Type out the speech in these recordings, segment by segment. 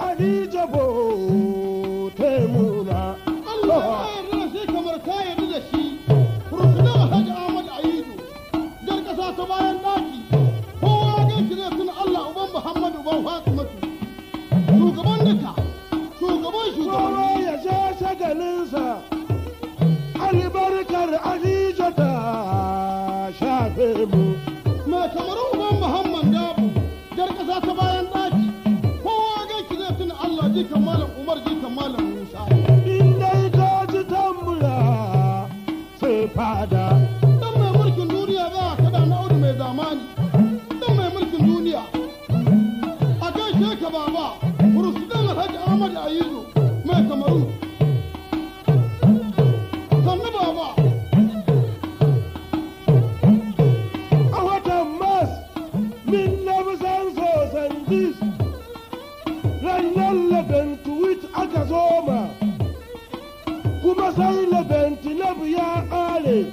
ali jabo taimuna Allah rashi kamar ka yarda da shi rukunan hajji Ahmad Ayidu jar kasa ta bayan daki kowa ga shi zai tuna Allah uban Muhammadu ban uban Fatimatu shugaban duka shugaban shugaban ya je shagalinsa jikan malam umar jikan malam musa in dai ka ji tambura sai fada dan mai mulkin duniya ba kada na audu mai zamani dan mai mulkin duniya a gaishe ka baba kurus dan alhaji ahmad ayizu mai kamaru zoma kuma sai labenti labu ya ƙare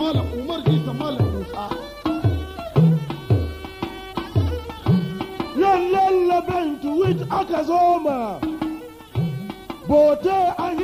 malam umar jita malam musa yan lallaben tuwit aka zoma bote an